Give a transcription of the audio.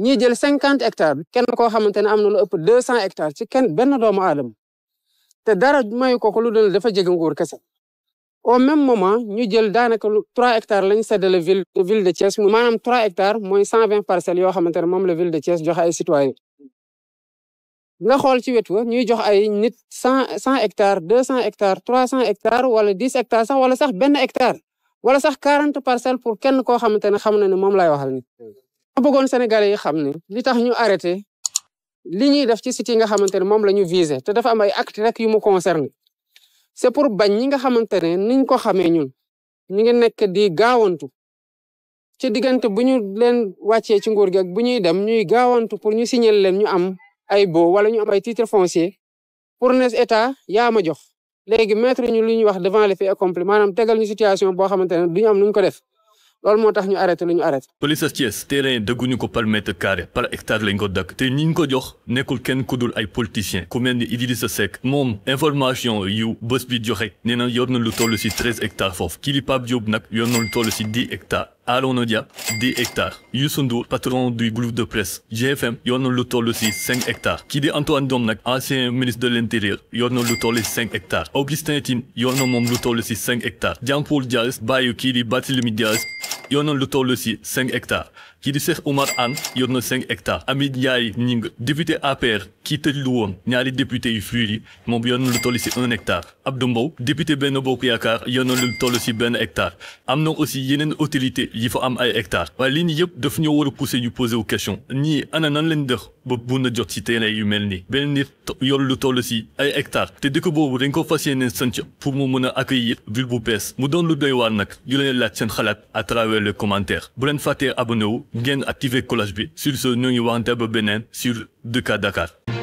ñii jël cinquante hectares kenn koo xamante ne am na lu ëpp deux cent hectares ci benn doomu aadama te dara mayu ko ko lu dul dafa jege nguur kese. au même moment ñu jël daanaka lu trois hectares lañ séddale ville ville de Thiès maanaam trois hectares mooy cent vingt parcelles yo xamante ne moom la ville de Thiès joxe ay citoyens. nga xool ci wet wa ñuy jox ay nit cent cent hectares deux cent hectares trois cent hectares wala dix hectares sax wala sax benn hectare wala sax quarante parcelles pour kenn koo xamante ne xam na ne moom lay waxal ni ma bëggoon sénégalais yi xam ne li tax ñu arrêté li ñuy def ci site yi nga xamante ne moom la ñu visé te dafa am ay acte rek yu mu concerné c'est pour bañ ñi nga xamante ne niñ ko xamee ñun ñu ngi nekk di gaawantu ci diggante bu ñu leen wàccee ci nguur gi bu ñuy dem ñuy gaawantu pour ñu signaler leen ñu am ay baux wala ñu am ay titre foncier pour ne état yaa ma jox léegi mettre ñu lu ñuy wax devant les faits accomplis maanaam tegal ñu situation boo xamante ne du ñu am nu ñu ko def lol motax ñu arrêté lu ñu arrêté. police à Thiès terrain guñu ko par mètre carré par hectare lañ ko dakk te ñiñ ko jox nekkul kenn kudul ay politiciens ku melni Idrissa Seck moom information yu bés bi joxe nee na yor lu toll si treize hectares foofu kii di Pape Diop nag yor na lu toll si dix hectares. Allons Odia, 10 hectares. Yusundu, patron du groupe de presse. GFM, Yorno 6 5 hectares. Kide Antoine Domnak, ancien ministre de l'Intérieur. Yorno les 5 hectares. Augustin Etin, Yorno Mom 6 5 hectares. Jean-Paul Diaz, Bayou Kiri Batilumi Diaz. Yorno aussi 5 hectares kii di Cheikh Oumar Anne yor na cinq Ning, député APR kii tëj lu woon ñaari député Ifuri, fuir yi moom yor na lu toll si hectare Abdou député Beno Bokk Yaakaar yor na lu toll si benn hectare am aussi Yenen Utilité, yi am ay hectares waaye lii nii yëpp daf ñoo war a pousser ñu poser wu question ñii ana nan leen dëx ba bu na jot si terrain nit yor lu toll si ay hectares te dëkk boobu dañ ko fas pour mu mën a accueillir ville bu bees mu doon lu doy waar nag yu leen laaj seen xalaat à travers les commentaires bu leen fàttee abonné ngeen activer collage B. sur ce ñu ngi waxante ba sur 2K Dakar